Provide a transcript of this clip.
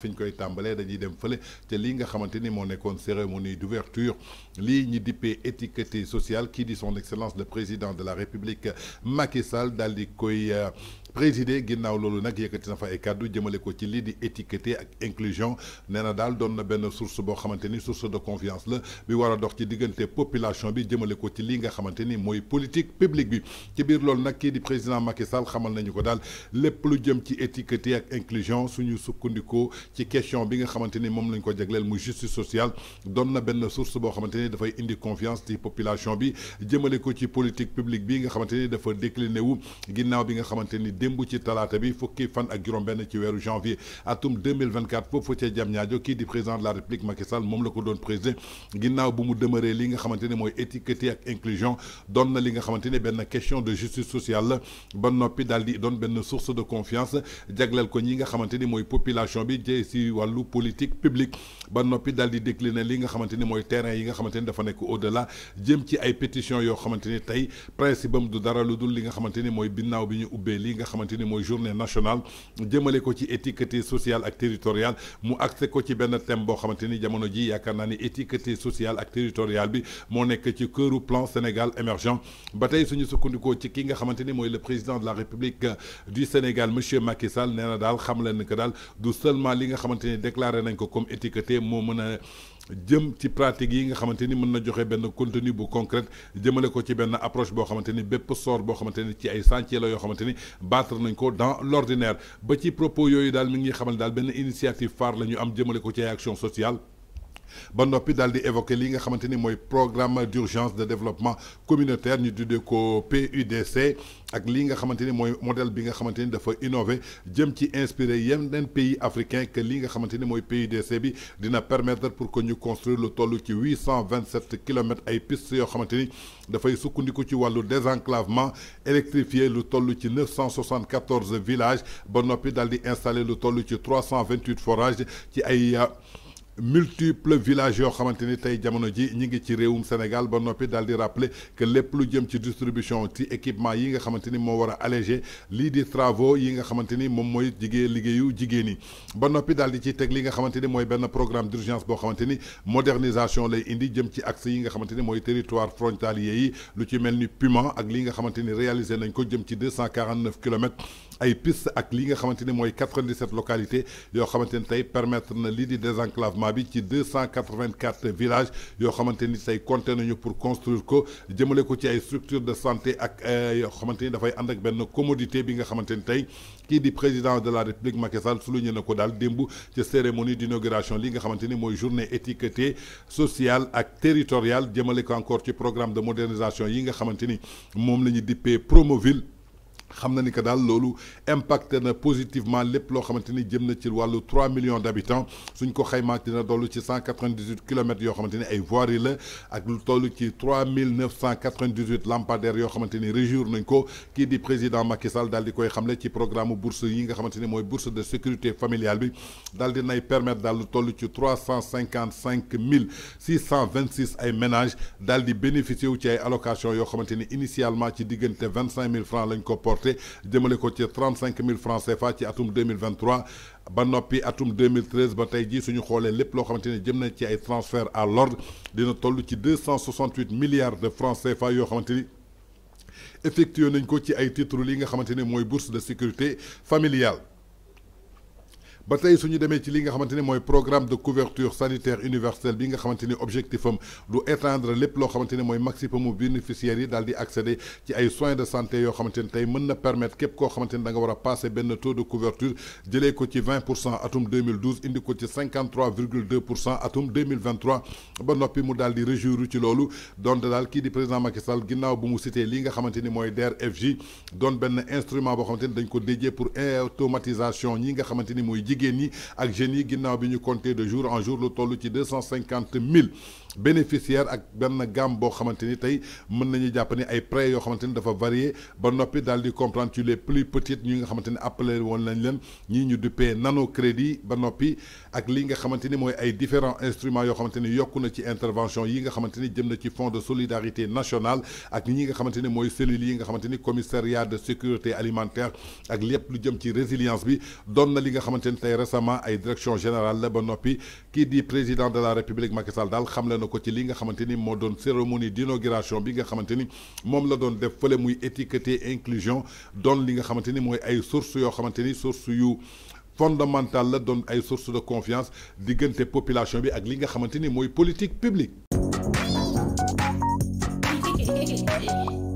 fiñ koy tambalé dañuy dem feulé té li nga xamanténi mo nékkone cérémonie d'ouverture ligne ñi étiquetée étiqueté sociale qui dit son excellence le président de la république Macky Sall dal di koy euh, présidé ginnaw loolu nak yëkëti na fa ay cadeau jëmele ko ci li di étiqueté ak inclusion néna dal daal doon na benn source bo xamanteni source de confiance la bi wara dox ci digënté population bi jëmele ko ci li nga xamanteni moy politique publique bi ci bir loolu nak ki di président Macky Sall xamal nañu ko dal lepp lu jëm ci étiqueté ak inclusion suñu sukkundiko ci question bi nga xamanteni mom lañ ko jéglél mu justice sociale doon na benn source bo xamanteni da fay indi confiance ci population bi jëmele ko ci politique publique bi nga xamanteni da fa décliné wu ginnaw bi nga xamanteni dembu ci talaata bi fukki fan ak juróom-benn ci weeru janvier atum 2024 foofu ca Diamniadio kii di président de la république Macky Sall moom la ko doon président ginnaaw bu mu demeuree li nga xamante ne mooy étiquette ak inclusion doon na li nga xamante ne benn question de justice sociale la ba noppi daal di doon source de confiance jagleel ko ñi nga xamante ni mooy population bi jëye si wàllu politique publique ba noppi daal di décliner li nga xamante ni mooy terrain yi nga xamante dafa nekk au delà jëm ci ay pétitions yoo xamante ni tey principe am du dara lu dul li nga xamante ni mooy binnaaw bi ñu ubbee li xamante moy journée nationale jëmale ko ci étiqueté sociale ak territoriale mu accès ko ci ben thème bo xamanteni jamono ji yaakaar ni étiqueté sociale ak territoriale bi mo nek ci cœuru plan Sénégal émergent batay suñu sukkandikoo ci ki nga xamanteni moy le président de la République euh, du Sénégal monsieur Macky Sall néna dal daal xam leen que daal du seulement li nga xamanteni déclarer déclaré nañ ko comme étiqueté mo meuna jëm ci pratique yi nga xamante ni mën na joxe benn continue bu concret jëmale ko ci benn approche boo xamante ni bépp sort boo xamante ni ci ay chantier la yoo xamante ni battre nañ ko dans l'ordinaire ba ci propos yooyu daal mu ngi xamal daal benn initiative phare la ñu am jëmale ko ci ay action sociale ba noppi daal di évoqué li nga xamante ni programme d'urgence de développement communautaire ñu tuddee ko PUDC ak li nga xamante ni modèle bi nga xamante ni dafa innové jëm ci inspiré yeneen pays africains que li nga xamante ni PUDC bi dina permettre pour que ñu construire lu toll ci huit cent vingt sept kilomètres ay pistes yoo xamante ni dafay sukkandiku ci wàllu désenclavement électrifier lu toll ci neuf cent soixante quatorze villages ba noppi daal di installé lu toll ci trois cent vingt huit forages ci ay multiples villages yoo xamante ni jamono ji ñi ngi ci réewum Sénégal ba nopi daal di rappeler que lepp lu jëm ci distribution ci équipement yi nga xamanteni mo wara alléger li allégé di travaux yi nga xamanteni mom moy mooy ligéyu liggéeyu ba nopi daal di ciy teg li nga xamanteni moy ben programme d'urgence bo xamanteni modernisation lay indi jëm ci axe yi nga xamanteni moy territoire frontalier yi lu ci melni piment ak li nga xamanteni réalisé nañ ko jëm ci 249 km ay pistes ak li nga xamanteni moy 97 localités yo xamanteni tay permettre na li di désenclavement 284 bi ci villages yoo pour construire ko jëmale ko ci ay structures de santé ak euh, yo xamanteni da fay and ak ben commodité bi nga xamanteni tay tey président de la république Macky Sall souligné na ko daal démb ci cérémonie d'inauguration li nga xamanteni moy journée étiquetée sociale ak territoriale jëmale ko encore ci programme de modernisation yi nga xamanteni ni lañu dippé Promoville xam na ni que daal loolu impacté na positivement lépp loo xamante ni jëm na ci wàllu trois millions d'habitants suñ ko xayma dina dollu ci 198 quatre vingt dix kilomètres yoo xamante ni ay voirie la ak lu toll ci 3998 lampadaires yoo xamante ni réjouir nañ ko kii di président Macky Sall daal di koy xamle ci programme bourse yi nga xamante ni mooy bourse de sécurité familiale bi daal di nay permettre daal lu toll ci trois cent ay ménages daal di bénéficier wu ci ay allocations yoo xamante ni initialement ci diggante 25 000 francs lañ ko porté de mon ko 35 000 francs CFA ci atum 2023 ba à atum 2013 ba tay ji suñu xolé lepp lo xamanteni jëm ci transfert à l'ordre dina tollu ci 268 milliards de francs CFA yo xamanteni effectué nañ ko ci ay titres li nga xamanteni moy bourse de sécurité familiale ba tey suñu ñu demee ci li nga xamante ni mooy programme de couverture sanitaire universelle bi nga xamante ni objectif am du étendre lépp loo xamante ni mooy maximumu bénéficiaires yi daal di accéder ci ay soins de santé yoo xamante ni tey mën na permettre képp koo xamante ni da nga war a passé benn taux de couverture jëlee ko ci 20 pour cent atum 2012 indi ko ci 53 virgule 2 pour cent atum 2023 ba noppi mu daal di réjouir ci loolu donte daal kii di président Macky Sall ginnaaw bu mu cité li nga xamante ni mooy DER/FJ doon benn instrument boo xamante ni dañ ko déjee pour automatisation ñi nga xamante ni mooy jigéen Ligueni, avec Génie, nous compter de jour en jour, le taux de 250 000 bénéficiaires ak benn gamme boo xamante ni tey mën nañu jàpp ni ay prêts yoo xamante ni dafa varié ba noppi daal di comprendre ci les plus petites ñi nga xamante ni appelé woon nañ leen ñii ñu duppee nano crédit ba noppi ak li nga xamante ni mooy ay différents instruments yoo xamante ni yokku na ci intervention yi nga xamante ni jëm na ci fonds de solidarité nationale ak ñi nga xamante ni mooy cellules yi nga xamante commissariat de sécurité alimentaire ak lépp lu jëm ci résilience bi doon na li nga xamante ni récemment ay direction générale la ba noppi kii di président de la république Macky Sall daal xam na ko ci li nga xamanteni mo doon cérémonie d'inauguration bi nga xamanteni mom la doon def fële muy étiqueté inclusion doon li nga xamanteni moy ay sources yo xamanteni ni sources yu fondamentales la doon ay sources de confiance digënté population bi ak li nga xamanteni moy politique publique